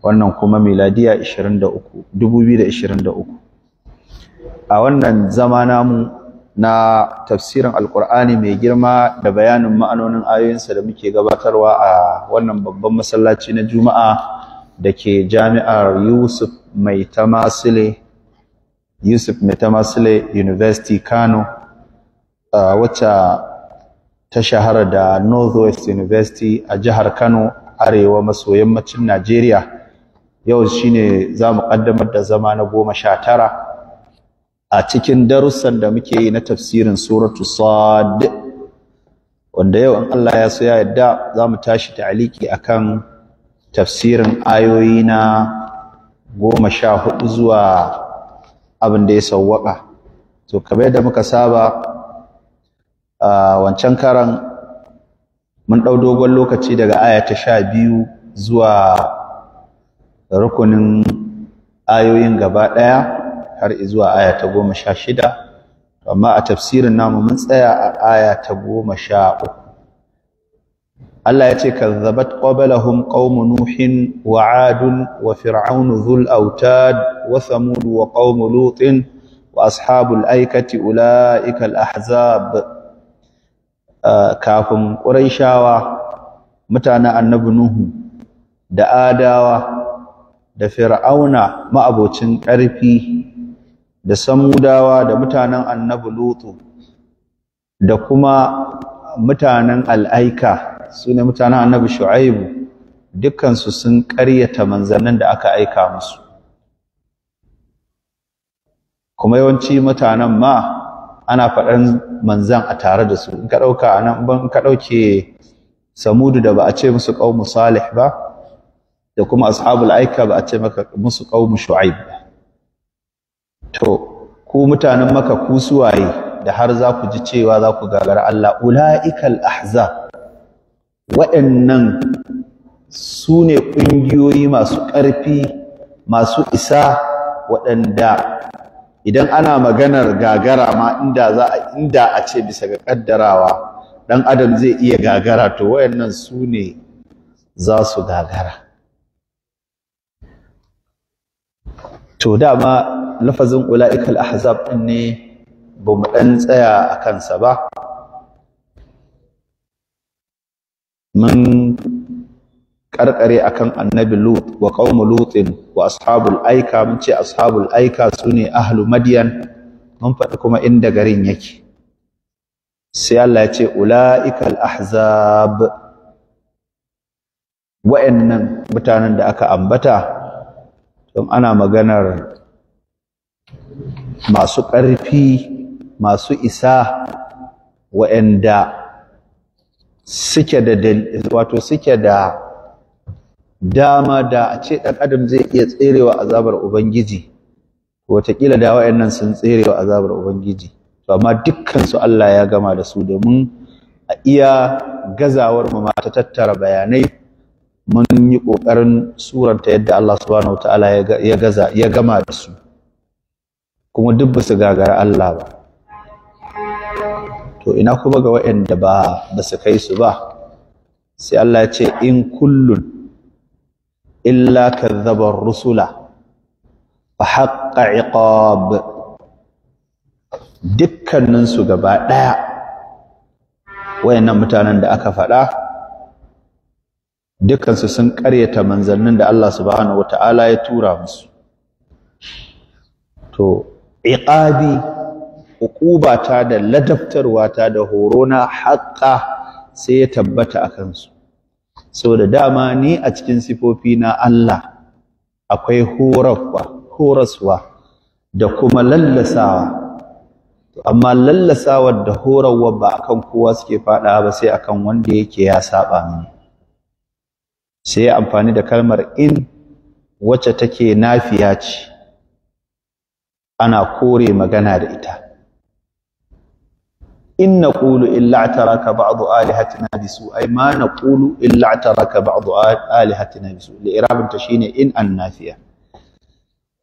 wannan kuma miladiya 23 2023 a wannan zama namu na tafsirin alkur'ani mai girma da bayanin ma'anonin ayoyinsa da muke gabatarwa a wannan babban masallaci na juma'a da ke jami'ar yusuf mai tamasile yusuf mai tamasile university kano wacce ta shahara da northwest university a jihar kano arewa maso yammacin najeriya yau shine za mu ƙaddamar da zama na goma sha tara a cikin darussan da muke yi na tafsirin suratu sad wanda yau in Allah ya so ya yadda za mu tashi ta'aliki akan tafsirin ayoyi na goma sha hudu zuwa abin da ya sawwaka to kamar da muka saba a wancan karan mun ɗau dogon lokaci daga aya ta sha biyu zuwa rukunin ayoyin gaba ɗaya har izuwa aya ta goma sha shida amma a tafsirin namu mun tsaya a aya ta goma sha uku Allah ya ce kazzabat qablahum qaumu nuhin wa adun wa fir'aunu dhul autad wa thamud wa qaumu lutin wa ashabul aikati ulaika al ahzab kafin quraishawa mutanen annabi nuhu da adawa da fir'auna ma'abocin ƙarfi da samudawa da mutanen annabi lutu da kuma mutanen al'aika su ne mutanen annabi shu'aibu dukkansu sun ƙaryata manzannin da aka aika musu kuma yawanci mutanen ma ana faɗan manzan a tare da su in ka ɗauka a nan in ka ɗauke samudu da ba a ce musu ƙaumu salih ba da kuma ashabul aika ba a ce maka musu qaumu shu'aib ba to ku mutanen maka ku suwaye da har za ku ji cewa za ku gagara Allah ula'ikal ahza waɗannan su ne ƙungiyoyi masu ƙarfi masu isa waɗanda idan ana maganar gagara ma inda za a inda a ce bisa ga ƙaddarawa ɗan adam zai iya gagara to waɗannan su ne za su gagara to dama lafazin ula'ikal ahzab din ne ba mu ɗan tsaya a kansa ba mun karkare akan annabi lut wa qaum lutin wa ashabul aika mun ce ashabul aika sune ahlu madyan mun faɗi kuma inda garin yake sai Allah ya ce ula'ikal ahzab wa'annan mutanen da aka ambata don ana maganar masu ƙarfi masu isa wa'anda suke da wato suke da dama da a ce ɗan adam zai iya tserewa azabar ubangiji wataƙila da waɗannan sun tserewa azabar ubangiji to amma dukkansu Allah ya gama da su domin a iya gazawar mu ma ta tattara bayanai mun yi ƙoƙarin suranta yadda Allah subhanahu wataala ya gaza ya gama da su kuma duk ba su gagara Allah ba to ina kuma ga waɗanda ba ba su kai su ba sai Allah ya ce in kullun illa kadzabar rusula fa haqqa iqab dukkaninsu gaba ɗaya wayannan mutanen da aka faɗa dukansu sun ƙaryata manzannin da Allah subhanahu wata'ala ya tura musu to iqabi uquba da ladabtarwata ta da horona haƙa sai ya tabbata a kansu da dama ni a cikin sifofi na Allah akwai horaswa da kuma lallasawa amma lallasawar da horarwa ba akan kowa suke faɗa ba sai akan wanda yake ya saba mini sai ya amfani da kalmar in wacce take nafiya ce ana kore magana da ita in naqulu illa taraka ba'du alihatina bisu ay ma naqulu illa taraka ba'du alihatina bisu irabinta shi ne in an nafiya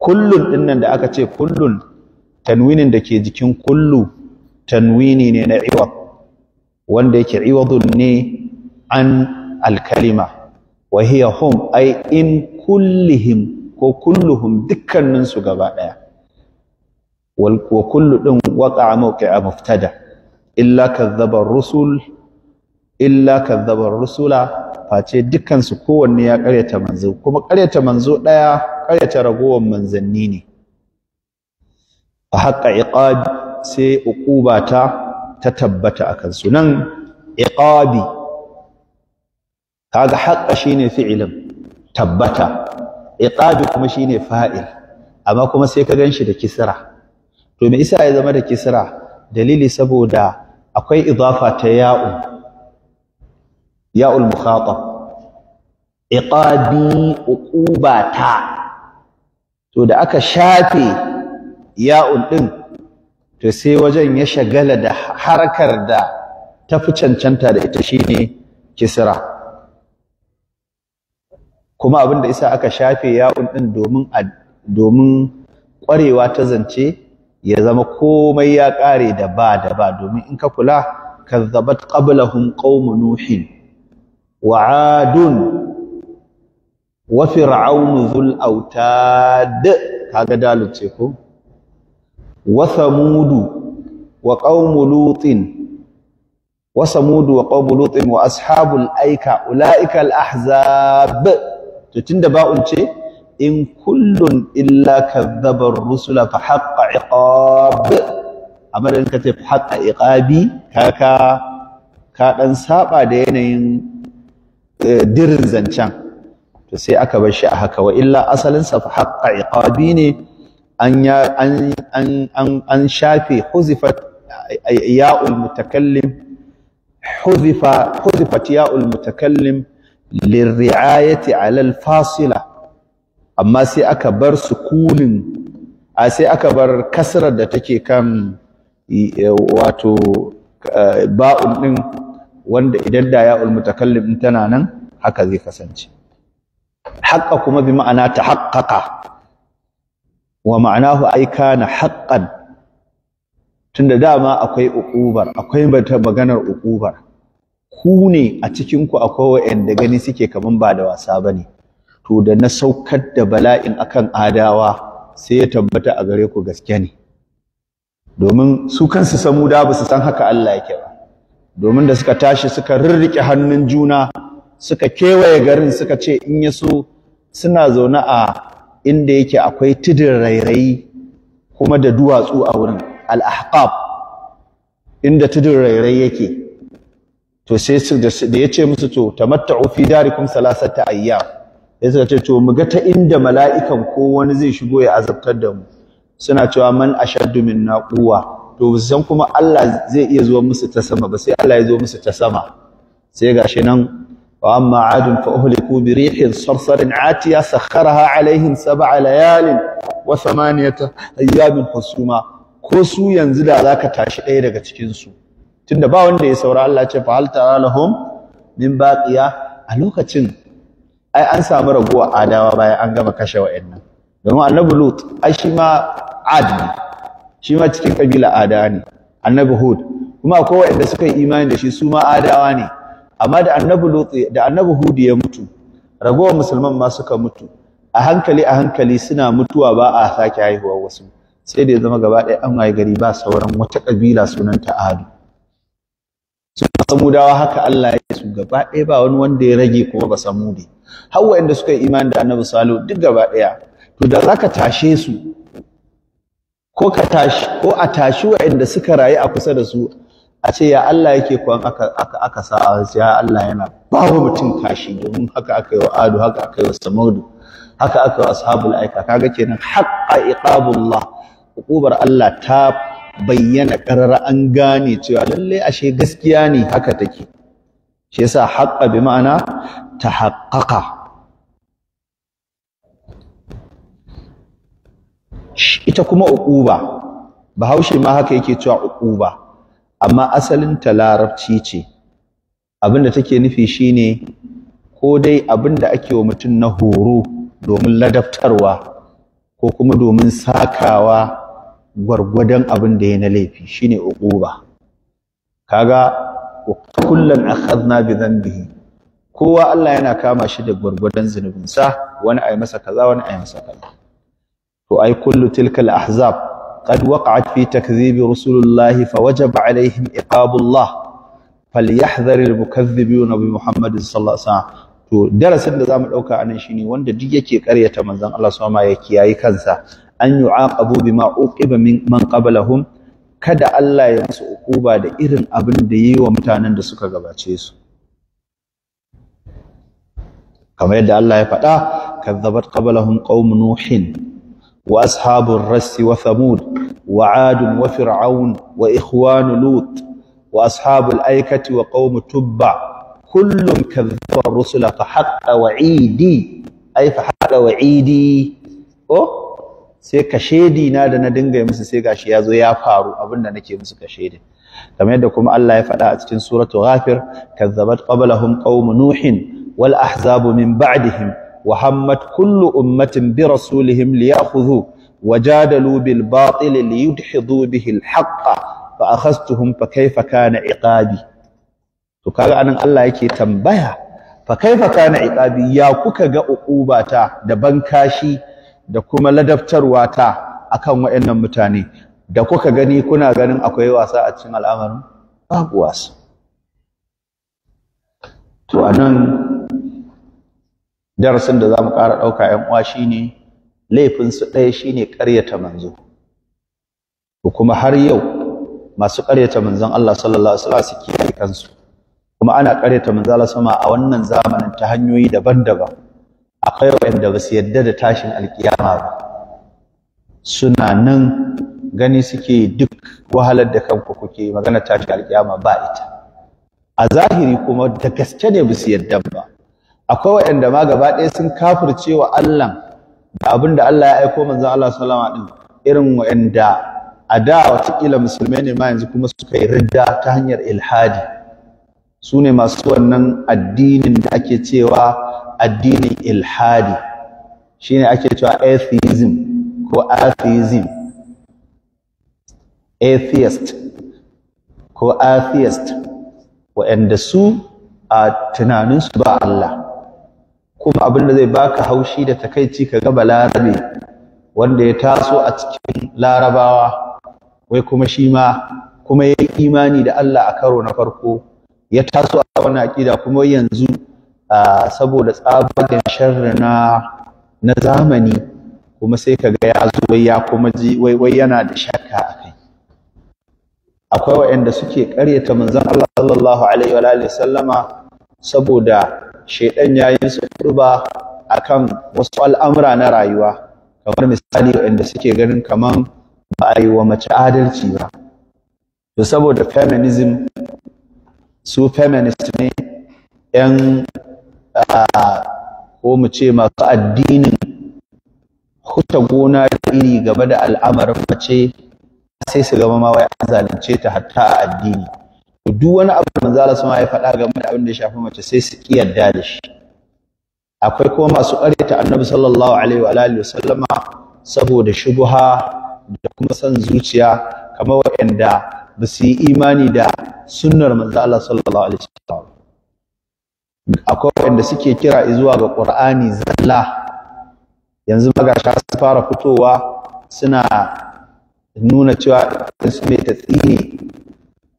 kullun dinnan da aka ce kullum, tanwinin da ke jikin kullu tanwini ne na iwa wanda yake iwadun ne an alkalima wa hiya hum ai in kullihim ko kulluhum dukkaninsu gaba ɗaya wa kullu din waqa'a mawqi'a muftada illa kadhaba rusul illa kadhaba rusula face dukkansu kowanne ya karyata manzo kuma karyata manzo ɗaya karyata ragowar manzanni ne a haƙa iqab sai uquba ta ta tabbata akan su nan iqabi kaga haqqa shine fi'ilin tabbata iqabi kuma shine fa'il amma kuma sai ka ganshi da kisra to me isa ya zama da kisra dalili saboda akwai idafa ta ya'u ya'ul mukhatab iqabi uqubata to da aka shafe ya'un din to sai wajen ya shagala da harkar da tafi cancanta da ita shine kisra kuma abin da isa aka shafe ya'un din domin domin ƙwarewa ta zance ya zama komai ya ƙare da ba da ba domin in ka kula kazzabat qablahum qaumu nuhin wa adun wa fir'aun zul autad kaga dalil ce ko wa samudu wa qaumu lutin wa samudu wa qaumu lutin wa ashabul aika ulaika al ba. to tunda ba'un ce in kullun illa kadzabar rusula fa haqqa iqab amma da kace fa haqqa iqabi kaka ka dan saba da yanayin eh, dirin zancan to sai aka bar shi a haka wa illa asalin sa fa haqqa iqabi ne an ya an an an shafe huzifat ya'ul mutakallim huzifa huzifat ya'ul mutakallim lirri'ayati alal fasila amma sai aka bar sukunin a sai aka bar kasrar da take kan wato ba'un din wanda idan da ya'ul mutakallim din tana nan haka zai kasance haqqa kuma bi ma'ana tahaqqaqa wa ma'anahu ay kana haqqan tunda dama akwai uqubar akwai maganar uqubar ku ne a cikin ku akwai wa'anda gani suke kaman ba da wasa ba ne? to da na saukar da bala'in akan adawa sai ya tabbata a gare ku gaske ne domin su kansu samuda ba su san haka Allah yake ba domin da suka tashi suka rirrike hannun juna suka kewaye garin suka ce in ya so suna zaune a inda yake akwai tudun rairayi kuma da duwatsu a wurin al-ahqab inda tudun rairayi yake to sai da ya ce musu to tamatta'u fi darikum salasata ayyam sai suka ce to mu ga ta inda mala'ikan ko wani zai shigo ya azabtar da mu suna cewa man ashaddu minna quwwa to san kuma Allah zai iya zuwa musu ta sama ba sai Allah ya zo musu ta sama sai gashi nan wa amma adun fa uhliku bi rihin sarsarin atiya sakharaha alaihim sab'a layalin wa thamaniyata ayyamin husuma ko su yanzu da zaka tashi ɗaya daga cikin su tunda ba wanda ya saura Allah ce fa hal lahum min baqiya a lokacin ai an samu raguwa adawa bayan an gama kashe wa'annan domin annabi lut ai shi ma ad shi ma cikin kabila ada ne annabi hud kuma akwai wa'anda suka yi imani da shi su ma adawa ne amma da annabi lut da annabi hud ya mutu ragowar musulman ma suka mutu a hankali a hankali suna mutuwa ba a sake haihuwar wasu sai da ya zama gaba ɗaya an waye gari ba sauran wata kabila sunanta adu su samudawa haka Allah ya su gaba ɗaya ba wani wanda ya rage kuma ba samu samudi har wa'anda suka yi imani da annabi salo duk gaba ɗaya to da ka tashe su ko ka tashi ko a tashi wa'anda suka rayu a kusa da su a ce ya Allah yake kwan aka aka aka sa a ya Allah yana babu mutum tashi domin haka aka yi wa adu haka aka yi wa samudu haka aka yi wa ashabul aika kaga kenan haqqa iqabullah hukubar Allah ta bayyana ƙarar an gane cewa lallai ashe gaskiya ne haka take shi yasa haqqa bi ma'ana tahaqqaqa ita kuma uquba bahaushe ma haka yake cewa uquba amma asalin ta larabci ce abinda take nufi shine ko dai abinda ake wa mutum na horo domin ladabtarwa ko kuma domin sakawa gwargwadon abin da ya na laifi shine uquba kaga kullan akhadna bi dhanbihi kowa Allah yana kama shi da gwargwadon sa wani ai masa kaza wani ai masa kaza to ai kullu tilka al ahzab qad waqa'at fi takdhib rusulillahi fa wajaba alaihim iqabullah falyahdhar al mukaththibuna bi muhammadin sallallahu alaihi wasallam to darasin da zamu dauka anan shine wanda duk yake karyata manzon Allah subhanahu wa ta'ala ya kiyayi kansa an yu'aqabu bima uqiba man qablahum kada Allah ya musu ukuba da irin abin da yi wa mutanen da suka gabace su kamar yadda Allah ya faɗa kazzabat qablahum qaum nuhin wa ashabur rass wa thamud wa ad wa fir'aun wa ikhwan lut wa ashabul aikati wa qaum tubba kullum kazzaba rusula fa haqqa wa'idi ay fa haqqa wa'idi oh sai kashedi na da na dinga musu sai gashi ya zo ya faru abinda nake musu kashedin kamar yadda kuma Allah ya faɗa a cikin suratu ghafir kazzabat qablahum qaum nuhin wal ahzabu min ba'dihim wa hammat kullu ummatin bi rasulihim liyakhudhu wajadalu bil batil liyudhidu bihi al haqqa fa akhadhtuhum fa kayfa kana iqabi to kaga anan Allah yake tambaya fa kaifa kana iqabi ya kuka ga uqubata da bankashi da kuma ladabtarwa ta akan waɗannan mutane da kuka gani kuna ganin akwai wasa a cikin al'amarin babu wasa to anan darasin da za mu ƙara ɗauka ‘yan uwa shi ne su ɗaya shi ne ƙaryata manzo kuma har yau masu ƙaryata manzon Allah sallallahu alaihi wasallam kansu kuma ana ƙaryata manzo Allah sama a wannan zamanin ta hanyoyi daban-daban akwai wanda ba su yarda da tashin alkiyama ba suna nan gani suke duk wahalar da kanku kuke magana tashin alkiyama ba ita a zahiri kuma da gaske ne ba su yarda ba akwai wanda ma gaba ɗaya sun kafirce wa Allah da abin da Allah ya aiko manzon Allah alaihi wasallam irin wanda a da watakila musulmai ne ma yanzu kuma suka yi ridda ta hanyar ilhadi su ne masu wannan addinin da ake cewa addinin ilhadi ne ake cewa atheism ko atheism atheist ko atheist waɗanda su a tunaninsu ba Allah kuma abin da zai baka haushi da takaici ka ga larabe wanda ya taso a cikin larabawa wai kuma shi ma kuma ya imani da Allah a karo na farko ya taso a wani aƙida kuma yanzu saboda tsabagen sharri na zamani kuma sai ka ga ya zo ya kuma ji wai wai yana da shakka a kai akwai waɗanda suke ƙaryata manzon Allah sallallahu alaihi wa alihi sallama saboda shedan yayin su kurba akan wasu al'amura na rayuwa kamar misali waɗanda suke ganin kaman ba a yi wa mace adalci ba to saboda feminism su feminist ne 'yan Ah, ko mu ce masu addinin huta gona da iri gaba da al'amarin mace sai su gama ma wai an zalunce ta hatta a addini duk wani abu da manzo Allah ya faɗa game da abin da ya shafi mace sai su ki yarda da shi akwai kuma masu ta annabi sallallahu alaihi wa alihi wasallama saboda shubuha da kuma san zuciya kamar waɗanda ba su yi imani da sunnar manzo sallallahu alaihi wasallam akwai wanda suke kira zuwa ga Qur'ani zalla yanzu magasha su fara fitowa suna nuna cewa su mai tatsini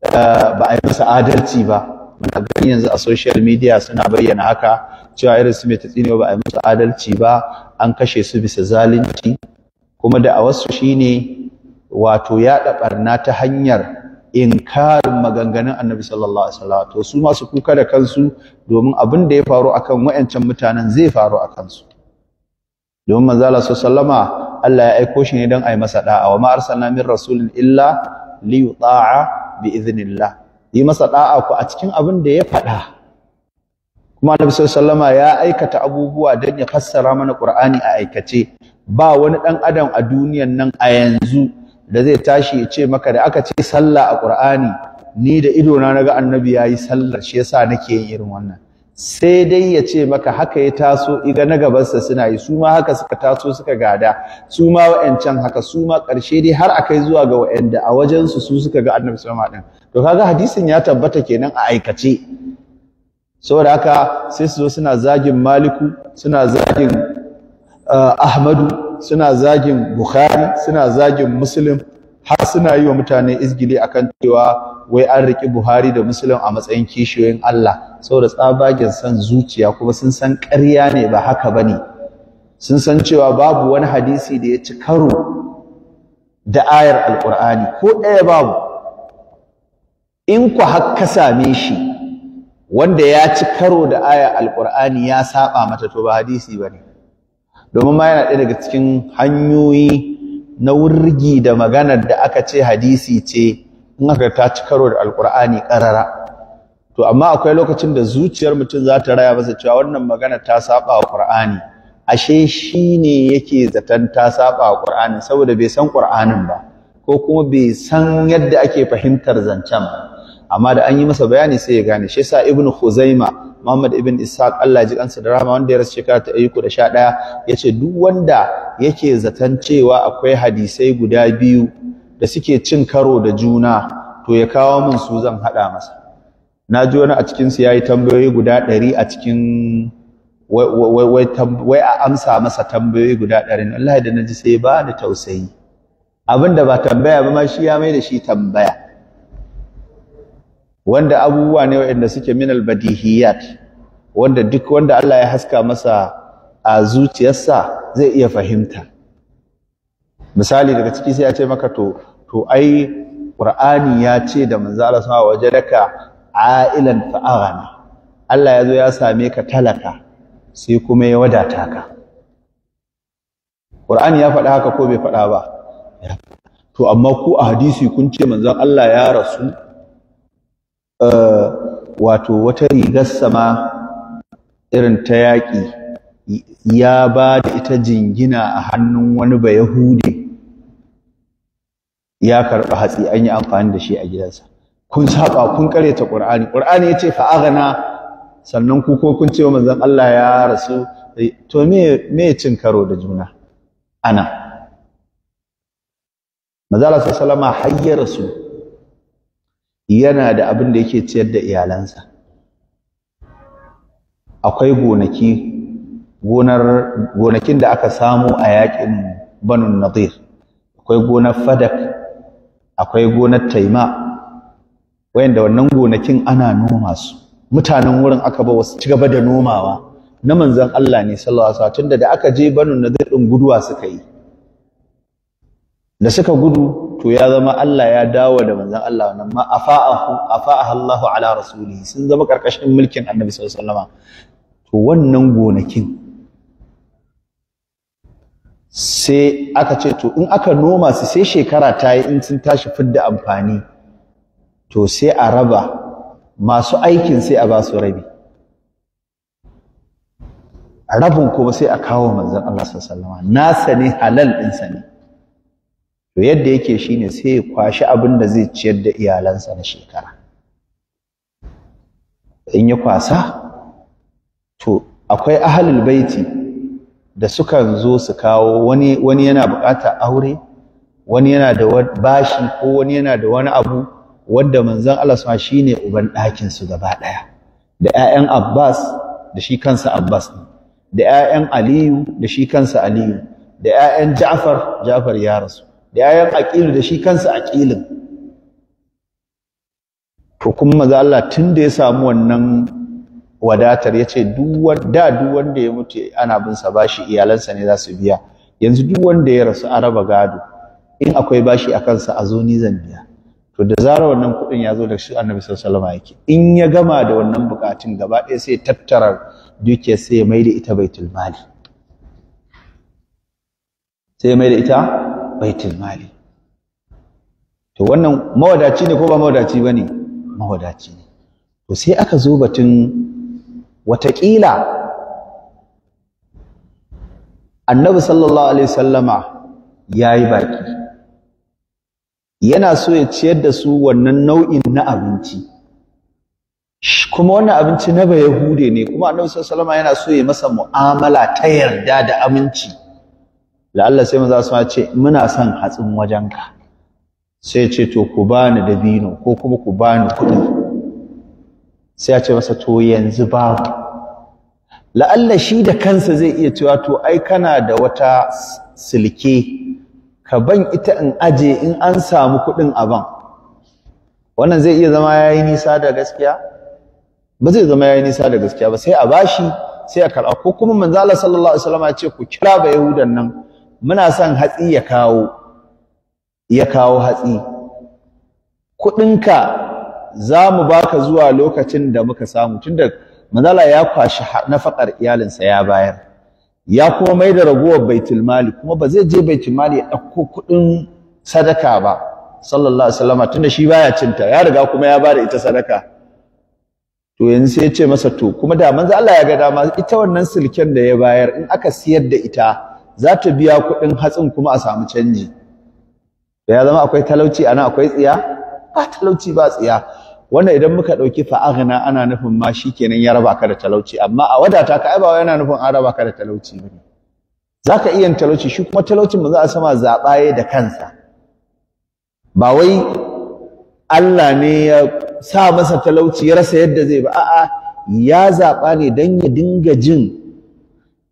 eh, ba a yi masa adalci ba muna gani yanzu a social media suna bayyana haka cewa irin su mai tatsini ba a yi masa adalci ba an kashe su bisa zalunci kuma da a wasu shine wato yaɗa ɓarna ta hanyar inkarin maganganun annabi sallallahu alaihi wasallam to su masu kuka da kansu domin abin da ya faru akan wayancan mutanen zai faru a kansu domin manzo Allah sallama Allah ya aiko shi ne dan ai masa da'a wa ma arsalna min rasulin illa li yuta'a bi idhnillah yi masa da'a ku a cikin abin da ya faɗa kuma annabi wasallama ya aikata abubuwa dan ya fassara mana qur'ani a aikace ba wani dan adam a duniyan nan a yanzu da zai tashi ya ce maka da aka ce sallah a ƙur'ani, ni da idona na ga annabi ya yi sallah shi yasa nake yin irin wannan sai dai ya ce maka haka ya taso iga na gabansa suna yi su ma haka suka taso suka gada su ma wa'ancan haka su ma ƙarshe dai har a kai zuwa ga wa'anda a wajensu su suka ga annabi sallama din to kaga hadisin ya tabbata kenan a aikace saboda haka sai su zo suna zagin maliku suna zagin ah, ahmadu suna zagin bukhari suna zagin muslim har suna yi wa mutane izgili kan cewa wai an riki buhari da muslim a matsayin kishiyoyin allah saboda tsabagen san zuciya kuma sun san ƙarya ne ba haka ba ne sun san cewa babu wani hadisi da ya ci karo da ayar alƙur'ani ko ɗaya babu in ku hakka same shi wanda ya ci karo da ayar alƙur'ani ya saba mata to ba hadisi ba ne domin ma yana ɗaya daga cikin hanyoyi na wurgi da maganar da aka ce hadisi ce in aka ta ci karo da alkur'ani ƙarara to amma akwai lokacin da zuciyar mutum za ta raya masa cewa wannan magana ta saba wa ƙur'ani ashe shi ne yake zaton ta saba wa ƙur'ani saboda bai san ƙur'anin ba ko kuma bai san yadda ake fahimtar zancen ba amma da an yi masa bayani sai ya gane shi yasa ibnu khuzaima Muhammad ibn Ishaq Allah ji kansa da rahama wanda ya rasu shekara ta ayyuku da sha ɗaya ya ce duk wanda yake zaton cewa akwai hadisai guda biyu da suke cin karo da juna to ya kawo min su zan haɗa masa na ji wani a cikinsu ya yi tambayoyi guda ɗari a cikin wai a amsa masa tambayoyi guda ɗari wallahi da na ji sai ba da tausayi Abinda ba tambaya ba ma shi ya mai da shi tambaya wanda abubuwa ne waɗanda suke min albadihiyat wanda duk wanda Allah ya haska masa a zuciyarsa zai iya fahimta misali daga ciki sai ya ce maka to to ai qur'ani ya ce da manzo Allah waje daka ailan fa'ana Allah ya zo ya same ka talaka sai kuma ya wadata ka qur'ani ya faɗa haka ko bai faɗa ba to amma ku a hadisi kun ce manzon Allah ya rasu Eh, wato wata rigar sama irin ta yaƙi ya ba da ita jingina a hannun wani ba Yahudi ya karɓi hatsi an yi amfani da shi a gidansa kun saba kun ta ƙur'ani. Ƙur'ani ya ce fa'agana sannan ku ko kun ce wa manzon Allah ya rasu to me me cin karo da juna ana manzon Allah sallama hayya rasu yana da abin da yake ciyar da iyalansa akwai gonaki gonar gonakin da aka samu a yakin banun nadir akwai gonar fadak akwai gonar taima wayanda wannan gonakin ana noma su mutanen wurin aka ba wasu cigaba da nomawa na manzon Allah ne sallallahu alaihi wasallam tunda da aka je banun nadir din guduwa suka yi da suka gudu to ya zama Allah ya dawo da manzon Allah wannan ma afa'ahu Allahu ala rasulihi sun zama karkashin mulkin Annabi sallallahu alaihi wasallama to wannan gonakin sai aka ce to in aka noma su sai shekara ta yi in sun tashi fidda amfani to sai a raba masu aikin sai a ba su rabi rabin kuma sai a kawo manzon Allah sallallahu alaihi wasallama nasa halal ɗinsa ne to yadda yake ne sai ya kwashi abin da zai ciyar da iyalansa na shekara in ya kwasa to akwai ahalul baiti da sukan zo su kawo wani wani yana bukata aure wani yana da bashi ko wani yana da wani abu wadda manzon alaswa shi ne uban ɗakinsu gaba ɗaya da 'ya'yan Abbas da shi kansa Abbas ne da 'ya'yan Aliyu da shi kansa Aliyu da 'ya'yan Ja'far Ja'far ya rasu da yayan aƙilu da shi kansa aƙilin. to kuma maza Allah tun da ya samu wannan wadatar ya ce da duk wanda ya mutu ana bin sa bashi iyalansa ne za su biya yanzu duk wanda ya rasu a raba gado in akwai bashi a kansa a zo ni zan biya to da zara wannan kuɗin ya zo da shi annabi sallallahu alaihi yake in ya gama da wannan bukatun gaba ɗaya sai tattara duke sai ya mai da ita baitul mali sai mai da ita baitul mali to wannan mawadaci ne ko ba mawadaci bane mawadaci ne to sai aka zo batun watakila annabi sallallahu alaihi wasallama ya baki yana so ya ciyar da su wannan nau'in na abinci kuma wannan abinci na bayahude ne kuma annabi sallallahu alaihi wasallama yana so ya masa mu'amala ta yarda da aminci la'alla sai maza su ce muna son hatsin wajenka sai ce to ku bani dabino ko kuma ku bani kuɗi sai ya ce masa to yanzu babu la'alla shi da kansa zai iya cewa to ai kana da wata silke ka ban ita in aje in an samu kuɗin aban wannan zai iya zama yayi nisa da gaskiya ba zai zama yayi nisa da gaskiya ba sai a bashi sai a karɓa ko kuma manzo Allah sallallahu alaihi wasallam ya ce ku kira ba yahudan nan muna son hatsi ya kawo ya kawo hatsi kuɗinka za mu baka zuwa lokacin da muka samu tunda manzala ya kwashi nafakar iyalinsa ya bayar ya kuma mai da ragowar baitul mali kuma ba zai je baitul mali ya ɗauko kuɗin sadaka ba sallallahu alaihi wasallam tunda shi baya cinta ya riga kuma ya bada ita sadaka to yanzu sai ya ce masa to kuma da manzo Allah ya ga dama ita wannan silken da ya bayar in aka siyar da ita za ta biya kuɗin hatsin kuma a samu canji da ya zama akwai talauci ana akwai tsiya ba talauci ba tsiya wannan idan muka ɗauki fa'aghina ana nufin ma shi kenan ya raba ka da talauci amma a wadata ka ai ba yana nufin an raba ka da talauci ba za ka iya talauci shi kuma talaucin ba za a sama zaɓaye da kansa ba wai Allah ne ya sa masa talauci ya rasa yadda zai ba a'a ya zaɓa ne don ya dinga jin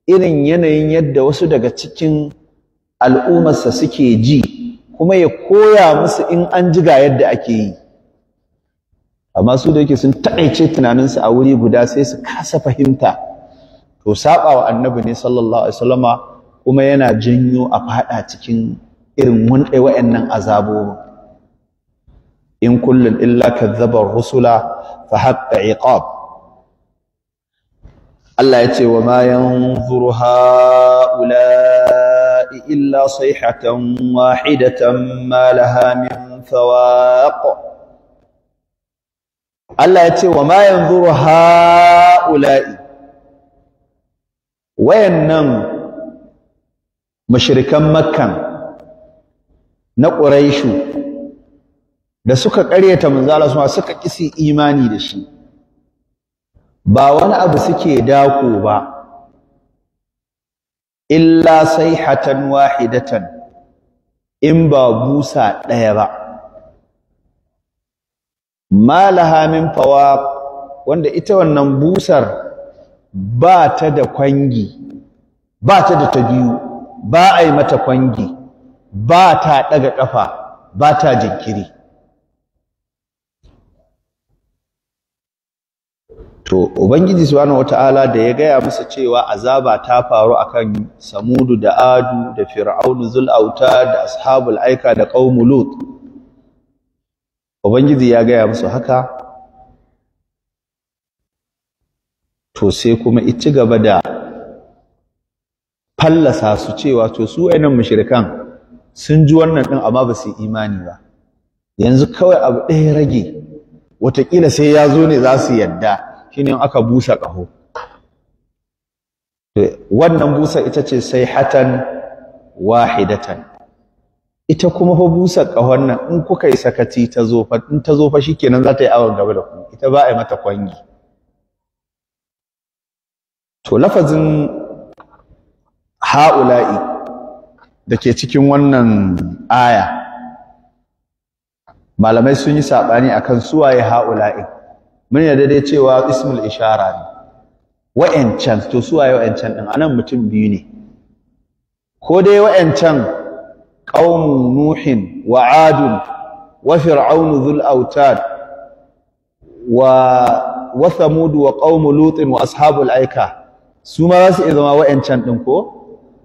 irin yanayin yadda wasu daga cikin al'ummarsa suke ji kuma ya koya musu in an ji ga yadda ake yi amma su da yake sun taɗaice tunaninsu a wuri guda sai su kasa fahimta to saɓawa wa annabi ne sallallahu alaihi wasallama kuma yana janyo a faɗa cikin irin wa'annan zabo. in kullum illa kadzabar rusula fa haqqa iqab Allah ya ce wa ma yanzuru haula'i illa sayhatan wahidatan ma laha min thawaq Allah ya ce wa ma yanzuru haula'i wayannan mashirikan makkan na quraishu da suka ƙaryata manzala suka kisi imani da shi ba wani abu suke dako ba illa sai sayhatan wahidatan in ba busa ɗaya ba malaha min fawa wanda ita wannan busar ba ta da kwangi ba ta da ta biyu ba a yi mata kwangi ba ta ɗaga ƙafa ba ta jinkiri to ubangiji subhanahu wataala da ya gaya masa cewa azaba ta faru akan samudu da adu da fir'aunu zul auta da ashabul aika da qaumu lut ubangiji ya gaya musu haka to sai kuma ci gaba da fallasa su cewa to su wayannan mushrikan sun ji wannan din amma ba su imani ba yanzu kawai abu ɗaya rage Watakila sai ya zo ne za su yadda shine aka busa ƙaho wannan busa ita ce sai hatan wahidatan ita kuma fa busa ƙahon nan in kuka yi sakaci ta zo fa in ta zo fa shikenan za ta yi awon gaba da ku ita ba a yi mata kwangi to lafazin ha'ula'i da ke cikin wannan aya malamai sun yi saɓani akan suwaye ha'ula'in mun yarda dai cewa ismul ishara ne wa'ancan to su waye wa'ancan din anan mutum biyu ne ko dai wa'ancan qaum nuhin wa ad wa fir'aun dhul autad wa wa thamud wa qaum lut wa ashabul aika su ma za su iya zama wa'ancan din ko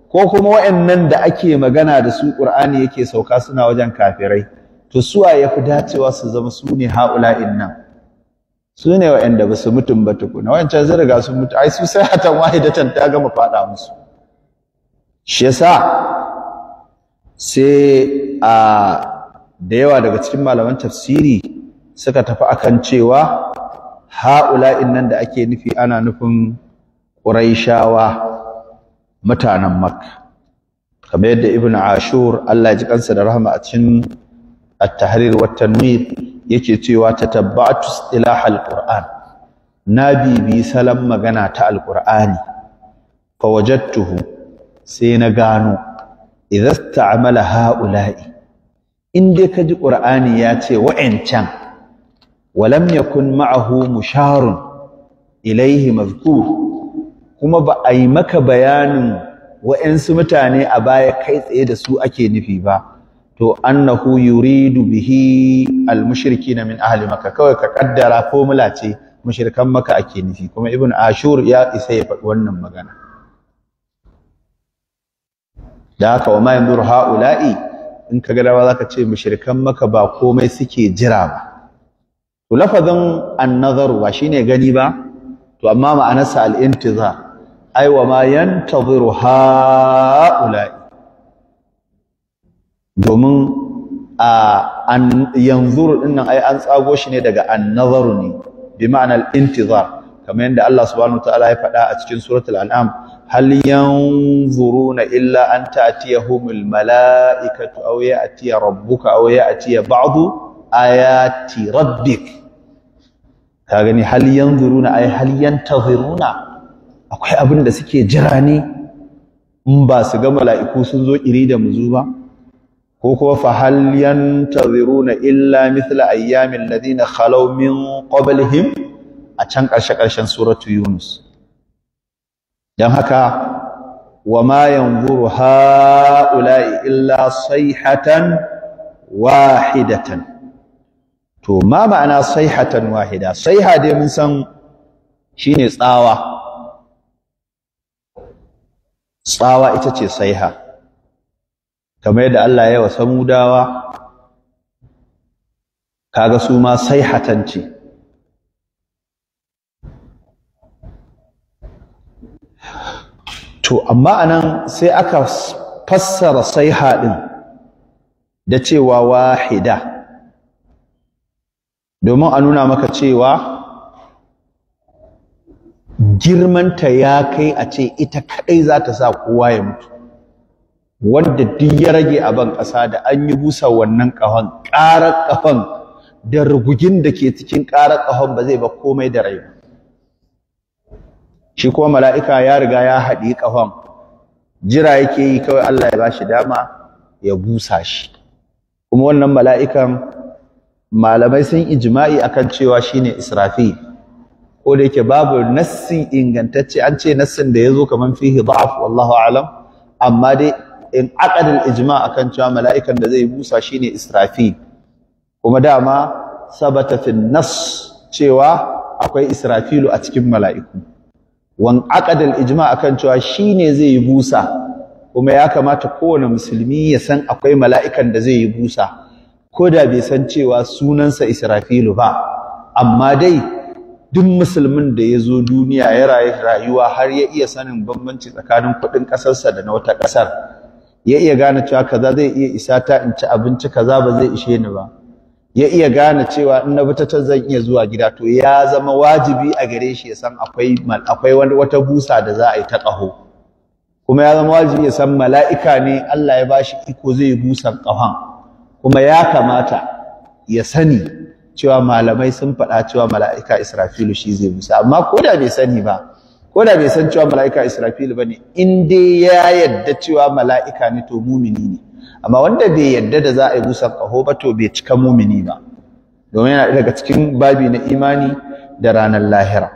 ko kuma wa'annan da ake magana da su qur'ani yake sauka suna wajen kafirai to ya yafi dacewa su zama su ne ha'ula'in nan su ne wa'anda ba su mutum ba tukuna wancan zai riga sun mutu ai su sai hatan wahidatan ta gama faɗa musu shi yasa sai a da yawa daga cikin malaman tafsiri suka tafi akan cewa ha'ula nan da ake nufi ana nufin ƙuraishawa mutanen makka kamar yadda ibnu ashur Allah ya ji kansa da rahama a cikin at-tahrir wa tanwir yake cewa ta tabbatu istilah alquran na bibi salam magana ta alqurani fa wajadtuhu sai na gano idza ta'amala haula'i in dai kaji qur'ani ya ce wa'ancan lam yakun ma'ahu musharun ilaihi mazkur kuma ba a yi maka bayanin wa'ansu mutane a baya kai tsaye da su ake nufi ba to annahu yuridu bihi almushrikin min ahli makka kawai ka kaddara formula ce mushrikan makka ake nufi kuma ibn ashur ya isa ya faɗi wannan magana da haka wa ma yanzuru haula'i in ka ga za zaka ce mushrikan makka ba komai suke jira ba to lafazin an ba shine gani ba to amma ma'anarsa al-intizar ai wa ma yantaziru haula'i domin a an yanzuru ai an tsago shi ne daga annazaru ne bi ma'anar intizar kamar yadda Allah subhanahu wataala ya faɗa a cikin suratul an'am hal yanzuruna illa an humul, mala'ikatu aw ya'tiya rabbuka aw ya'tiya ba'du ayati rabbik ka gani hal yanzuruna ay hal yantaziruna akwai abin da suke jira ne in ba su ga mala'iku sun zo kiri da muzu ba ko kuwa fahal yantaziruna illa mithla ayyamin ladina khalau min qablihim a can ƙarshe ƙarshen suratu yunus dan haka wama yanzuru haula'i illa sayhatan wahidatan to ma ma'ana sayhatan wahida sayha dai mun san shine tsawa tsawa ita ce sayha kamar yadda Allah ya yi wa samudawa kaga su ma sai hatanci to amma anan sai aka fassara sai haɗin da cewa wahida domin a nuna maka cewa girmanta ya kai a ce ita kaɗai za ta sa kowa ya mutu wanda duk ya rage a ban ƙasa da an yi busa wannan ƙahon ƙarar ƙahon da rugugin da ke cikin ƙarar ƙahon ba zai ba komai da rai shi kuma mala'ika ya riga ya haɗi ƙahon jira yake yi kawai Allah ya ba shi dama ya busa shi kuma wannan mala'ikan malamai sun ijma'i akan cewa shine israfi ko da yake babu nassi ingantacce an ce nassin da ya zo kamar fihi da'af wallahu alam amma dai in ijima ijma kan cewa mala'ikan da zai busa shine Israfil kuma dama sabata fi nas cewa akwai Israfilu a cikin mala'iku wan ijima ijma akan cewa shine zai busa kuma ya kamata kowane musulmi ya san akwai mala'ikan da zai yi busa ko da bai san cewa sunansa Israfilu ba amma dai duk musulmin da ya zo duniya ya rayu rayuwa har ya iya sanin bambanci tsakanin kuɗin ƙasarsa da na wata ƙasar ya iya gane cewa kaza zai iya isa ta in ci abinci kaza ba zai ishe ni ba ya iya gane cewa in na bi zan iya zuwa gida to ya zama wajibi a gare shi ya san akwai akwai wata busa da za a yi ta ƙaho kuma ya zama wajibi ya san mala'ika ne Allah ya bashi iko zai yi busan ƙahon kuma ya kamata ya sani cewa malamai sun faɗa cewa mala'ika Israfilu shi zai busa amma ko da bai sani ba ko da bai san cewa mala'ika Israfil bane in dai ya yadda cewa mala'ika ne to mumini ne amma wanda bai yadda da za a yi busan kaho ba to bai cika mumini ba domin yana daga cikin babi na imani da ranar lahira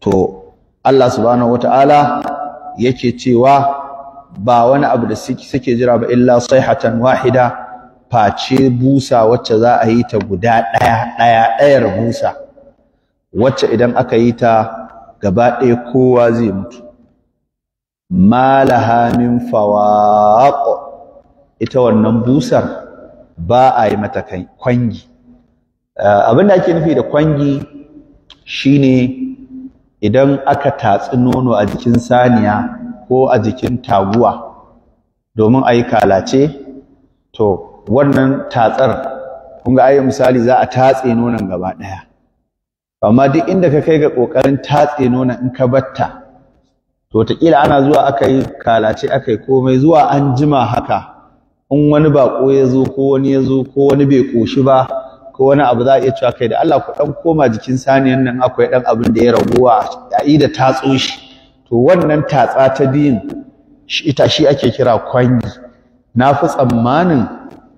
to Allah subhanahu wataala yake cewa ba wani abu da suke jira ba illa sayhatan wahida face busa wacce za a yi ta guda ɗaya ɗaya ɗayar busa wacce idan aka yi ta gaba ɗaya kowa zai mutu malaha min fawaq ita wannan busar ba a yi mata kwangi eh, abin da ake nufi da kwangi shine idan aka tatsi nono a jikin saniya ko a jikin taguwa domin a yi kalace to wannan tatsar kun ga ayi misali za a tatse nonon gaba ɗaya amma duk inda ka kai ga ƙoƙarin tatse nonon in ka batta to wataƙila ana zuwa aka yi kalace aka yi komai zuwa an jima haka in wani baƙo ya zo ko wani ya zo ko wani bai ƙoshi ba ko wani abu za a iya cewa kai da Allah ku ɗan koma jikin saniyan nan akwai ɗan abin da ya raguwa a yi da tatso shi to wannan tatsa ta biyun ita shi ake kira kwangi na fi tsammanin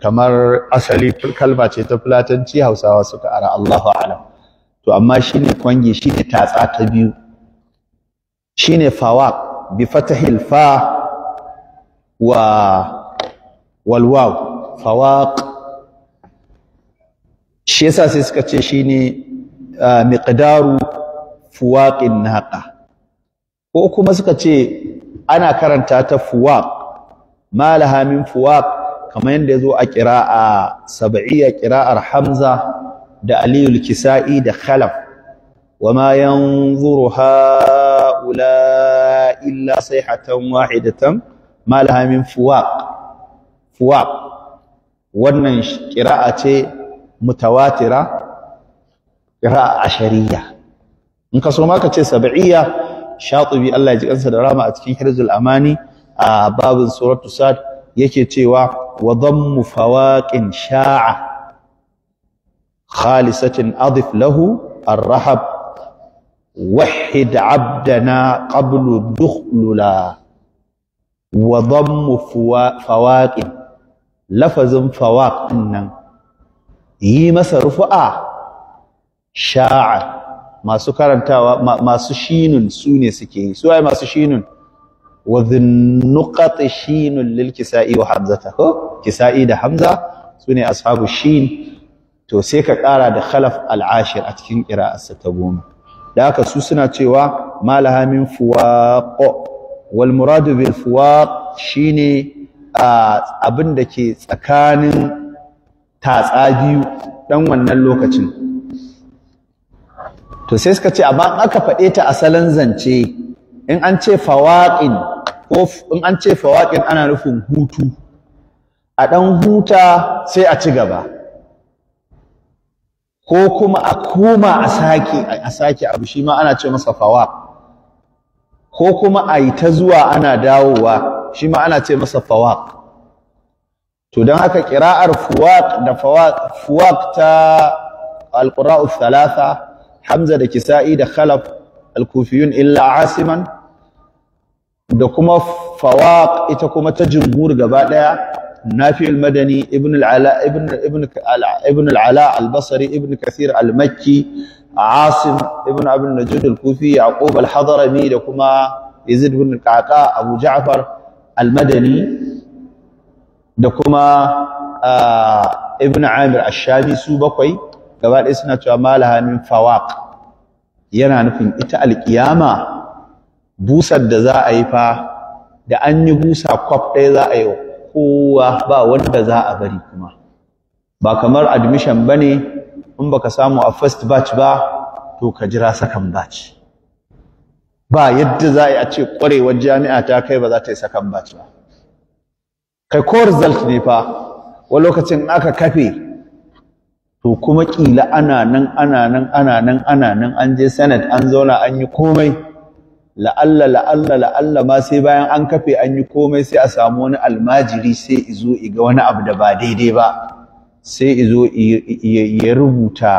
kamar asali kalma ce ta fulatanci hausawa suka ara Allahu alam to amma shine kwange shine tatsa ta biyu shine fawaq bi fatahil fa wa wal waw fawaq shi yasa sai suka ce shine miqdaru fuwaqin naqa ko kuma suka ce ana karanta ta fuwaq ma laha min fuwaq kamar yanda yazo a qira'a sab'iyya qira'ar hamza da aliyul kisa'i da khalaf wama yanzuru haula illa sayhatan wahidatan ma laha min fuwaq fuwaq wannan qira'a ce mutawatira qira'a ashariya in ka so ma ka ce sab'iyya shatibi Allah ya ji kansa da rama a cikin hirzul amani a babin suratu sad yake cewa wa dhammu fawaqin sha'a khalisatin adif lahu arrahab wahid abdana qablu dukhlula wa dhammu fawaqin lafazin fawaq nan yi masa rufu'a sha'a masu karantawa masu shinun su ne suke yi su ai masu shinun wa dhunnuqat shinun lil kisa'i wa hamzata ko kisa'i da hamza su ne ashabu shin to sai ka ƙara da khalaf al'ashir a cikin ƙira'arsa ta goma da aka su suna cewa malaha min fuwaq wal muradu bil fuwaq shine abin da ke tsakanin tatsa biyu dan wannan lokacin to sai suka ce amma aka faɗe ta asalin zance in an ce fawaqin ko in an ce fawaqin ana nufin hutu a dan huta sai a ci gaba ko kuma a koma a sake a sake abu shi ma ana ce masa fawa ko kuma a yi ta zuwa ana dawowa shi ma ana ce masa fawaq to don haka kiraar fuwaq da fuwaq ta alqura'u thalatha hamza da kisa'i da khalaf alkufiyun illa asiman da kuma fawaq ita kuma ta jumhur gaba ɗaya نافع المدني ابن العلاء ابن ابن ابن العلاء البصري ابن كثير المكي عاصم ابن ابن النجود الكوفي يعقوب الحضرمي لكما يزيد بن القعقاع ابو جعفر المدني لكما ابن عامر الشامي سو بكوي gaba ɗaya suna cewa malaha min fawaq yana nufin ita alƙiyama busar da za a yi fa da an yi busa kwaf ɗaya za a yi wa kowa ba wanda za a bari kuma ba kamar admission ba ne, in baka samu a first batch ba to ka jira second batch ba yadda za a ce kwarewar jami'a ta kai ba za ta yi second batch ba kai ko result ne fa wa lokacin aka kafe to kuma kila ana nan ana nan ana nan ana nan an je senate an zauna an yi komai la'alla la'alla la'alla ma sai bayan an kafe an yi komai sai a samu wani almajiri sai izo iga wani abu da ba daidai ba sai izo ya rubuta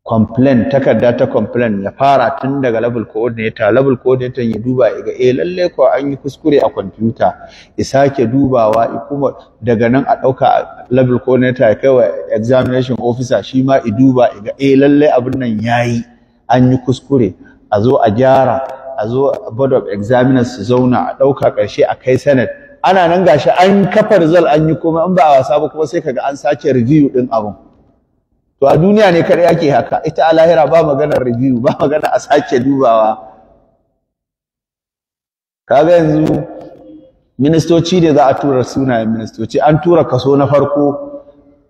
complain takarda ta complain ya fara tun daga level coordinator level coordinator ya duba ya ga eh lalle ko an yi kuskure a computer ya sake dubawa kuma daga nan a dauka level coordinator ya kai wa examination officer shi ma i duba ya ga eh lalle abin nan yayi an yi kuskure a zo a gyara a zo board of examiners su zauna a ɗauka ƙarshe a kai senate ana nan gashi an kafa result an yi komai in ba a wasa ba kuma sai kaga an sake review ɗin abun to a duniya ne kada yake haka ita a lahira ba maganar review ba magana a sake dubawa kaga yanzu ministoci ne za a tura sunayen ministoci an tura kaso na farko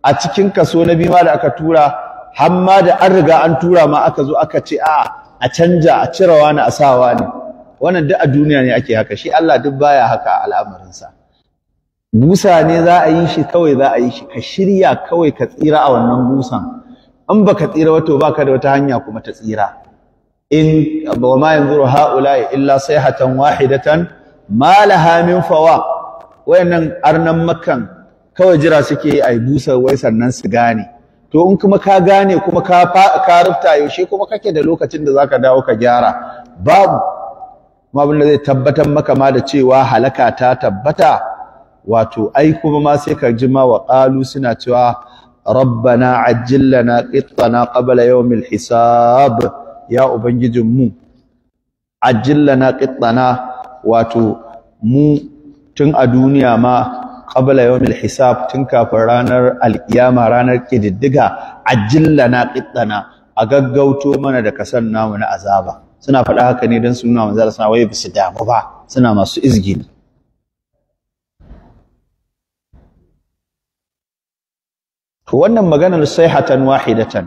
a cikin kaso na biyu ma da aka tura hamma da an riga an tura ma aka zo aka ce a a canja a cirewa ne a sawa ne wannan duk a duniya ne ake haka shi Allah duk baya haka a al'amarinsa busa ne za a yi shi kawai za a yi shi ka shirya kawai ka tsira a wannan busan in baka tsira wato baka da wata hanya kuma ta tsira in wa ma yanzuru haula illa sayhatan wahidatan ma laha min fawa wayannan arnan makkan kawai jira suke yi ai busa wai sannan su gane to in kuma ka gane kuma ka ka rufta yaushe kuma kake da lokacin da zaka dawo ka gyara babu kuma abin da zai tabbatar maka ma da cewa halaka ta tabbata wato ai kuma ma sai ka ji ma wa qalu suna cewa rabbana ajjil lana qittana qabla yawmil hisab ya ubangijin mu ajjil lana qittana wato mu tun a duniya ma qabla yawmil hisab tun kafin ranar alkiyama ranar kididdiga ajillana qittana a gaggauto mana da kasan namu na azaba suna faɗa haka ne don su nuna manzo Allah wai bisu damu ba suna masu izgi to wannan maganar sayhatan wahidatan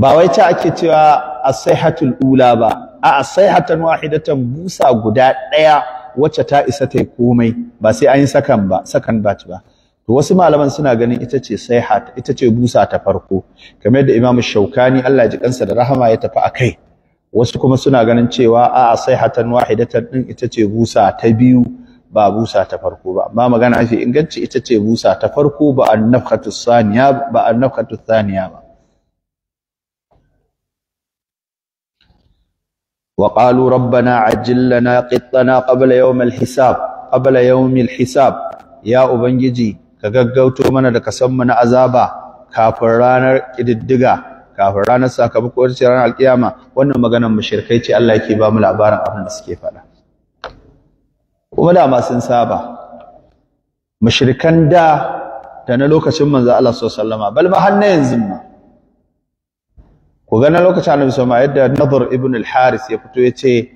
ba wai ta ake cewa as-sayhatul ula ba a'a sayhatan wahidatan busa guda ɗaya wacce ta isa ta yi komai ba sai an yi sakan ba sakan ba to wasu malaman suna ganin ita ce saiha ita ce busa ta farko kamar yadda Imam Shaukani Allah ji kansa da rahama ya tafi a kai. wasu kuma suna ganin cewa a'a saihatan wahidatan din ita ce busa ta biyu ba busa ta farko ba amma magana afi inganci ita ce busa ta farko ba annafkhatu thaniya ba ba وقالوا ربنا عجل لنا قطنا قبل يوم الحساب قبل يوم الحساب يا ubangiji ka gaggauto mana da kasanmu na azaba kafin ranar kididdiga kafin ranar sakamako wacce ranar alkiyama wannan maganar mushrikai ce Allah yake ba mu labarin abin da suke faɗa kuma da ma sun saba mushrikan da da na lokacin manzo Allah sallallahu alaihi bal ma har na yanzu ma ku ga na lokacin annabi sama yadda nadhr ibn al-haris ya fito yace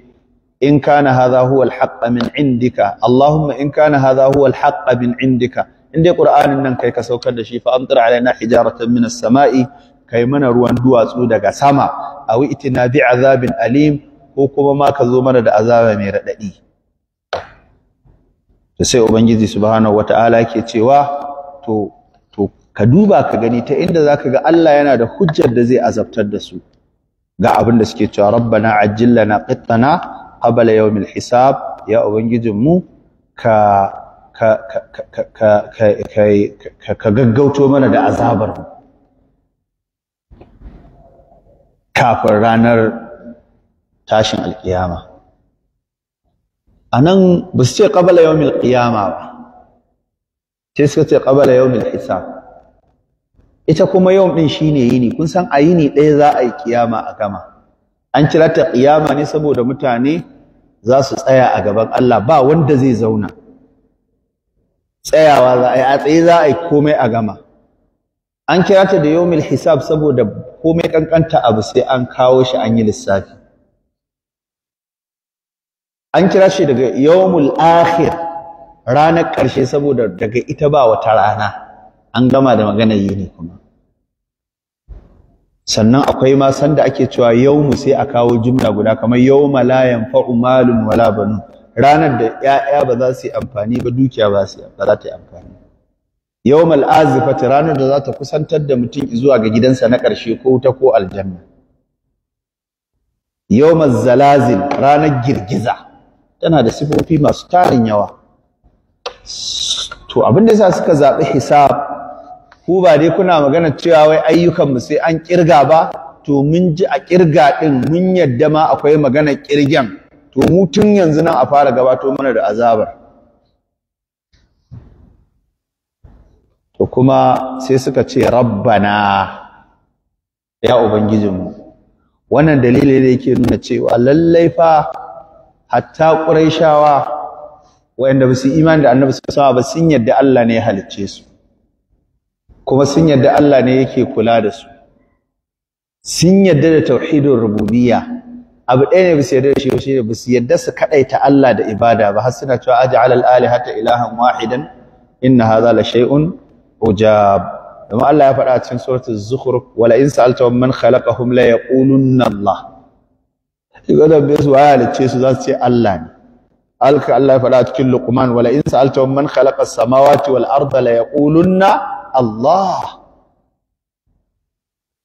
in kana hadha huwa al-haqq min indika allahumma in kana hadha huwa al-haqq min indika inda qur'anin nan kai ka saukar da shi fa amtir alaina hijaratan min as-sama'i kai mana ruwan duwatsu daga sama awi itina bi azabin alim ko kuma ma ka zo mana da azaba mai radadi to sai ubangiji subhanahu wata'ala ke cewa to ka duba ka gani ta inda zaka ga Allah yana da hujjar da zai azabtar da su ga abin da suke cewa rabbana ajjil lana qittana qabla yawmil hisab ya ubangijin mu ka ka ka ka ka ka gaggauto mana da azabar mu kafin ranar tashin alkiyama a nan ba su ce ƙabala yawon milkiyama ba sai suka ce ƙabala yawon milhisa ita kuma yau din shine yini kun san a yini ɗaya za a yi kiyama a gama an cira ta kiyama ne saboda mutane za su tsaya a gaban Allah ba wanda zai zauna tsayawa za a yi a tsaye za a yi komai a gama an kira ta da yomil hisab saboda komai ƙanƙanta abu sai an kawo shi an yi lissafi an kira shi daga yawmul akhir ranar ƙarshe saboda daga ita ba wata rana an gama da maganar ne kuma sannan akwai ma sanda ake cewa yau mu sai a kawo jumla guda kamar yawma malayan fa'u malun wala banun ranar da 'ya'ya ba za su yi amfani ba dukiya ba za ta yi amfani yawmal fata ranar da za ta kusantar da mutum zuwa ga gidansa na ƙarshe ko wuta ko aljanna yau mazalazin ranar girgiza tana da sifofi masu tarin yawa to abin da yasa suka zaɓi hisab ku ba dai kuna magana cewa wai ayyukan mu sai an kirga ba to mun ji a kirga din mun yadda ma akwai magana kirgen to mu tun yanzu nan a fara gabato mana da azabar to kuma sai suka ce rabbana ya ubangijinmu wannan dalili ne yake nuna cewa lallai fa hatta quraishawa ba su imani da annabi sallallahu alaihi ba sun yadda Allah ne ya halicce su kuma sun yadda Allah ne yake kula da su sun yadda da tauhidin rububiyya abu ɗaya ne bisu yadda da shi ne bisu yadda su kaɗaita Allah da ibada ba har suna cewa aj'al al-alihata ilahan wahidan inna hadha la shay'un ujab amma Allah ya faɗa a cikin suratul zukhruf wala in sa'altahum man khalaqahum la yaqulunna Allah ibada bai su halicce su za su ce Allah ne alka Allah ya faɗa a cikin luqman wala in sa'altahum man khalaqa as-samawati wal arda la yaqulunna Allah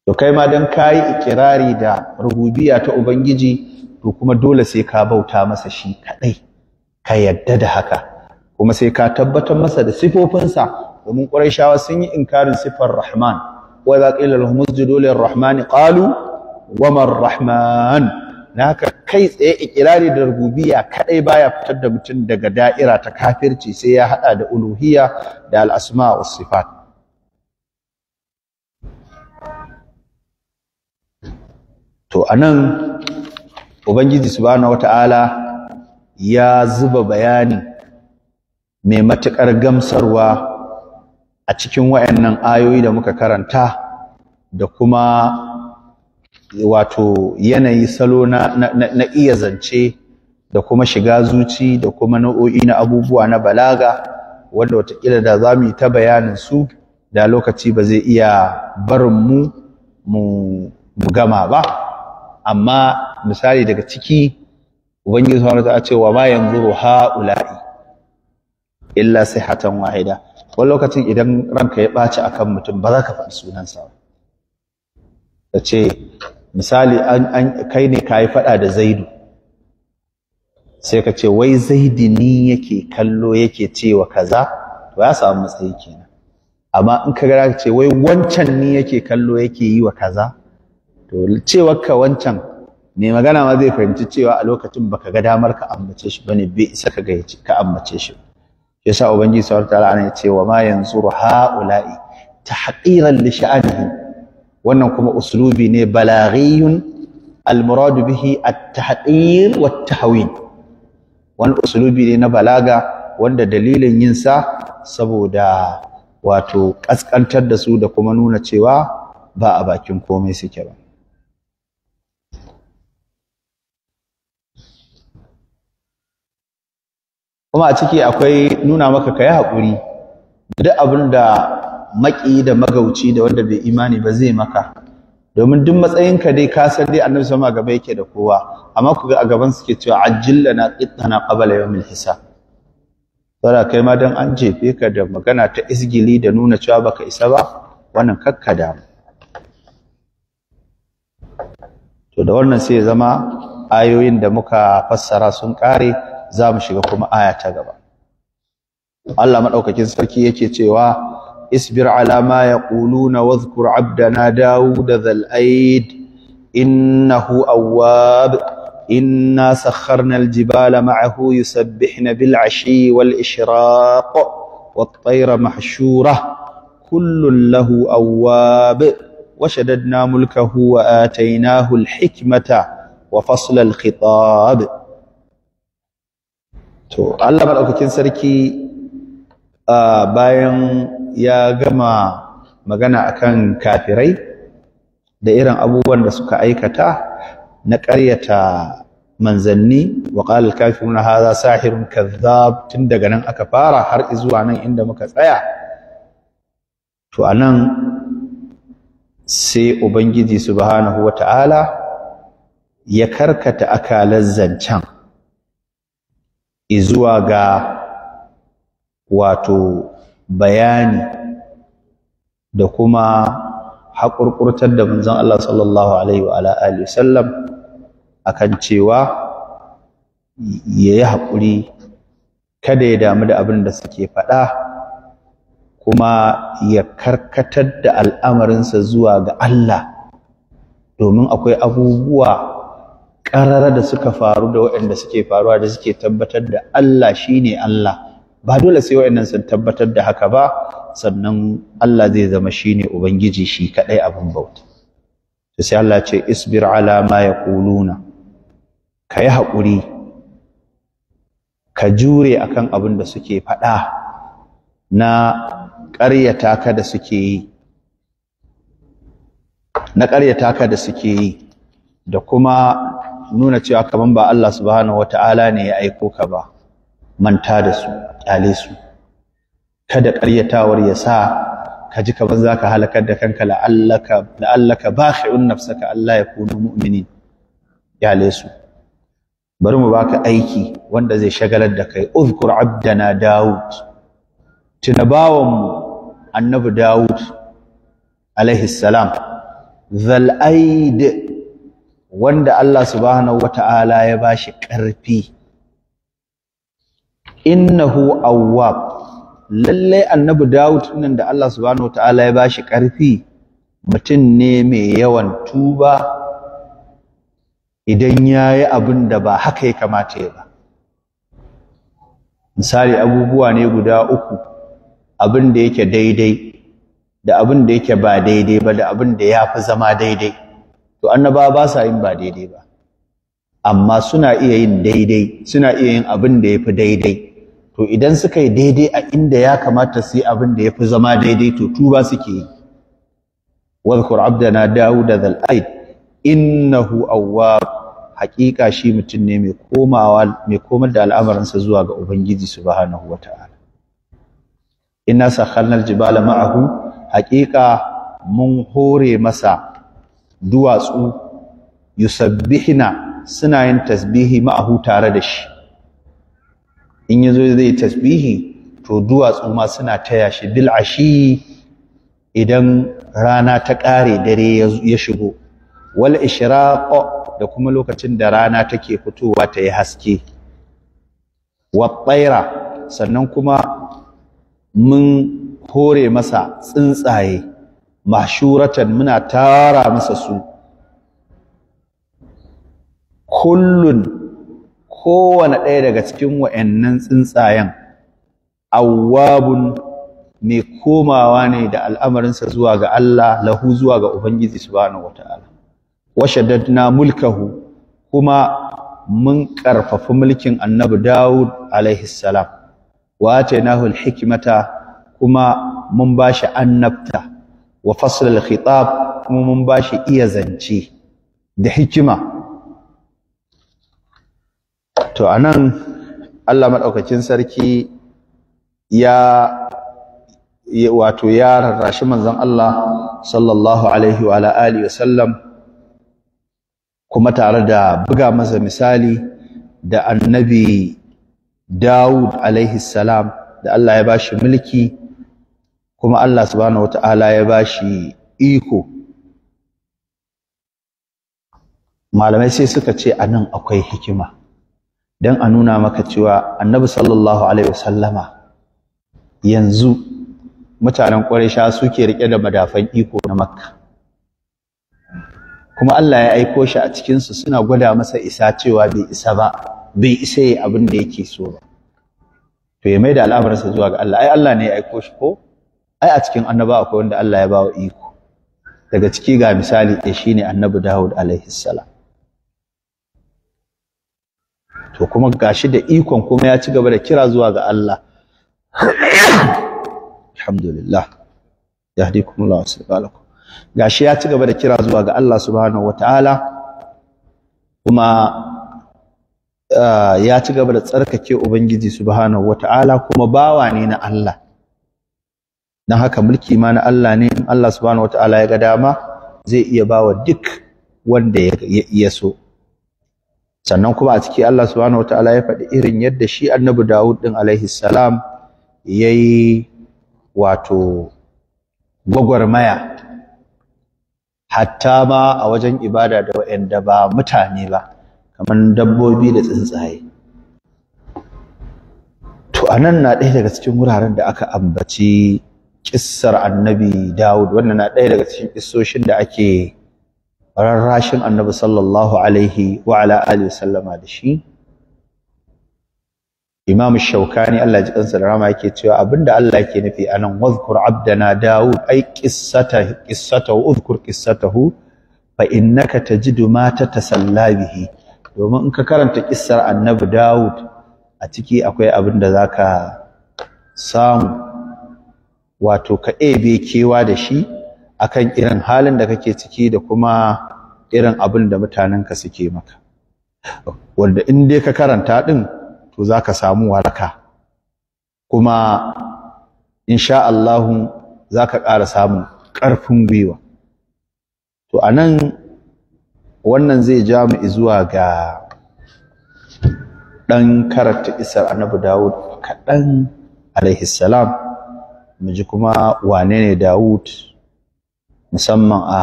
to kai ma don ka yi ikirari da rububiya ta ubangiji to kuma dole sai ka bauta masa shi kaɗai ka yadda da haka kuma sai ka tabbatar masa da sifofinsa domin shawa sun yi inkarin sifar rahman wa idza dole dole usjudu ƙalu, qalu Rahman. Na haka kai tsaye ikirari da rububiya kaɗai baya fitar da mutum daga da'ira ta kafirci sai ya haɗa da uluhiya da al'asma asma sifat to a nan ubangiji subhanahu wataala ya zuba bayani mai matukar gamsarwa a cikin wayannan ayoyi da muka karanta da kuma wato yanayi salo na, na, iya zance da kuma shiga zuci da kuma nau'o'i na abubuwa na balaga wanda watakila da za mu yi ta bayanin su da lokaci ba zai iya barin mu mu gama ba amma misali daga ciki ubangiji subhanahu ta'ala cewa ma yanzuru haula'i illa sihatan wahida wani lokacin idan ranka ya baci akan mutum ba za ka faɗi sunansa ba ta ce misali kai ne ka yi faɗa da zaidu sai ka ce wai zaidi ni yake kallo yake cewa kaza to ya samu matsayi kenan amma in ka gara ce wai wancan ni yake kallo yake yi wa kaza to cewar ka wancan mai magana ma zai fahimci cewa a lokacin baka ga damar ka ambace shi bane bai isa ka gayyace ka ambace shi yasa ubangiji sallallahu alaihi wasallam ya ce wa ma yanzuru haula'i tahqiran li sha'anihi wannan kuma uslubi ne balaghiyun المراد به التحقير والتهوين wani uslubi ne na balaga wanda dalilin yin sa saboda wato kaskantar da su da kuma nuna cewa ba a bakin komai suke ba kuma a ciki akwai nuna maka ka yi haƙuri duk abin da maƙi da magauci da wanda bai imani ba zai maka domin duk matsayinka dai ka san dai annabi sama gaba yake da kowa amma ku ga a gaban suke cewa ajilla na qittana qabla yawmil hisab saboda kai ma dan an jefe ka da magana ta isgili da nuna cewa baka isa ba wannan kakka damu to da wannan sai ya zama ayoyin da muka fassara sun kare zamu shiga kuma aya ta gaba Allah madaukakin sarki yake cewa isbir ala ma yaquluna wadhkur abdana daud dhal aid innahu awwab inna sakharna aljibala ma'ahu yusabbihna bil ashi wal ishraq wat tayra mahshura kullun lahu awwab وشددنا ملكه وآتيناه الحكمة وفصل الخطاب to Allah madaukakin sarki bayan ya gama magana akan kafirai da irin abubuwan da suka aikata na ƙaryata manzanni wa qala al-kafirun hadha sahirun kadhab tun daga nan aka fara har izuwa nan inda muka tsaya to anan sai ubangiji subhanahu wata'ala ya karkata akalar zancen izuwa ga wato bayani da kuma haƙurƙurtar da manzon Allah sallallahu alaihi wa alihi sallam akan cewa yayi haƙuri kada ya damu da abin da suke faɗa kuma ya karkatar da al'amarinsa zuwa ga Allah domin akwai abubuwa ƙarara da suka faru da waɗanda suke faruwa da suke tabbatar da Allah shi ne Allah ba dole sai waɗannan sun tabbatar da haka ba sannan Allah zai zama shi ne ubangiji shi kaɗai abin bauta to sai Allah ce isbir ala ma yaquluna yi haƙuri ka jure akan abin da suke faɗa na ƙaryata ka da suke yi na ƙaryata ka da suke yi da kuma nuna cewa kaman ba Allah subhanahu wata'ala ne ya aiko ka ba manta da su kyale su kada ƙaryatawar ya sa ka ji kaman za ka halakar da kanka la'allaka la'allaka bakhi'un nafsaka Allah ya kunu mu'minin kyale su bari mu baka aiki wanda zai shagalar da kai uzkur abdana Dawud. tuna bawanmu annabi Dawud. alaihi salam zal aid wanda Allah subhanahu wata'ala ya bashi ƙarfi innahu awwab lalle annabi Dawud nan da Allah subhanahu wata'ala ya bashi ƙarfi mutum ne mai yawan tuba idan yayi abin da ba haka ya kamata ya ba misali abubuwa ne guda uku abin da yake daidai da abin da yake ba daidai ba da abin da ya fi zama daidai to annaba ba sa yin ba daidai ba amma suna iya yin daidai suna iya yin abin da yafi daidai to idan suka yi daidai a inda ya kamata su yi abin da ya fi zama daidai to tuba suke yi wadhkur abdana daud dhal aid innahu awwab haƙiƙa shi mutum ne mai komawa mai komar da al'amuransa zuwa ga ubangiji subhanahu wata'ala inna sakhalna al-jibala ma'ahu haƙiƙa mun hore masa duwatsu yusabbihina suna yin tasbihi ma'ahu tare da shi in yazo zai tasbihi to duwatsu ma suna taya shi bil ashi idan rana ta ƙare dare ya shigo wal ishraq da kuma lokacin da rana take fitowa ta yi haske Waɓaira sannan kuma mun hore masa tsuntsaye mashuratan muna tara masa su kullun kowane ɗaya daga cikin wa'yannan tsuntsayen awwabun mai komawa ne da al'amarinsa zuwa ga Allah lahu zuwa ga Ubangiji subhanahu wata'ala washaddadna mulkahu kuma mun ƙarfafi mulkin annabi Dawud wa ta yi nahul hikimata kuma mun bashi annabta wa fasl al-khitab kuma mun bashi iya zance da hikima to anan Allah madaukakin sarki ya wato ya rarrashi manzon Allah sallallahu alaihi wa alihi wasallam kuma tare da buga masa misali da annabi Dawud alaihi salam da Allah ya bashi mulki kuma Allah subhanahu wata'ala ya ba shi iko malamai sai suka ce a nan akwai hikima don a nuna maka cewa annabi sallallahu alaihi wasallama yanzu mutanen ƙwarisha suke rike da madafan iko na makka kuma Allah ya aiko shi a cikinsu suna gwada masa isa cewa bai isa ba bai isa yi abin da yake so ba to ya mai da al'amarsa zuwa ga Allah ai Allah ne ya aiko shi ko ai a cikin annaba akwai wanda Allah ya bawa iko daga ciki ga misali ɗaya shine annabi Dawud alaihi salam to kuma gashi da ikon kuma ya ci gaba da kira zuwa ga Allah alhamdulillah yahdikumullahu sabalakum gashi ya ci gaba da kira zuwa ga Allah subhanahu wataala kuma ah, ya ci gaba da tsarkake ubangiji subhanahu wataala kuma bawa ne na Allah dan haka mulki ma na Allah ne in Allah subhanahu wataala ya ga dama zai iya bawa duk wanda ya so sannan kuma a ciki Allah subhanahu wataala ya faɗi irin yadda shi Annabi Dawud din alaihi salam yayi wato gwagwarmaya hatta ma a wajen ibada da wa'anda ba mutane ba kamar dabbobi da tsuntsaye to anan na ɗaya daga cikin wuraren da aka ambaci kissar annabi Dawud wannan na ɗaya daga cikin kissoshin da ake rarrashin annabi sallallahu alaihi wa ala alihi sallama da shi Imam Shaukani Allah ji kansa da rama yake cewa abinda Allah yake nufi anan wazkur abdana Dawud ai kissata wa uzkur kissatahu fa innaka tajidu ma tatasalla bihi domin in ka karanta kissar annabi Dawud a ciki akwai abinda zaka samu wato ka ɗebe kewa da shi akan irin halin da kake ciki da kuma irin abin da mutanenka suke maka wanda in dai ka karanta ɗin to za ka samu waraka kuma insha za ka ƙara samun ƙarfin gwiwa to a nan, wannan zai ja mu zuwa ga ɗan karanta isar annabi Dawud kaɗan alaihi salam mu ji kuma wane ne Dawud musamman a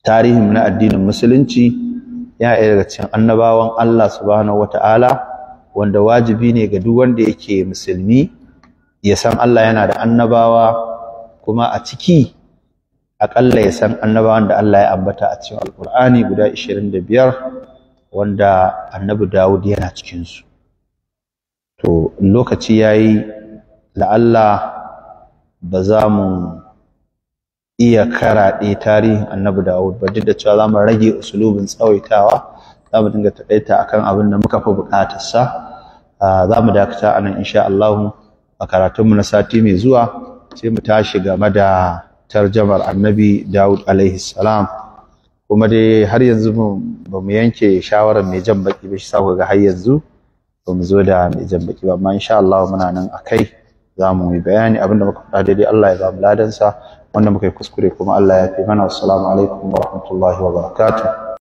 tarihin na addinin musulunci ya iya daga cikin annabawan Allah subhanahu wata'ala wanda wajibi ne ga duk wanda yake musulmi ya san Allah yana da annabawa kuma a ciki akalla ya san annabawan da Allah ya ambata a cikin alƙur'ani guda 25 wanda annabi Dawud yana cikinsu to lokaci yayi la'alla ba za mu iya karaɗe tarihin annabi dawud ba duk da cewa za mu rage usulubin tsawaitawa za mu dinga taƙaita kan abin da muka fi buƙatarsa za mu dakata a nan insha Allah a karatunmu na sati mai zuwa sai mu tashi game da tarjamar annabi dawud alaihi salam kuma dai har yanzu ba mu yanke shawarar mai jan baki ba shi sa ga har yanzu ba mu zo da mai jan baki ba amma insha Allah muna nan a kai. za mu yi bayani abinda muka faɗa daidai Allah ya ba mu ladansa wanda muka yi kuskure kuma Allah ya fi mana assalamu alaikum wa rahmatullahi wa barakatuh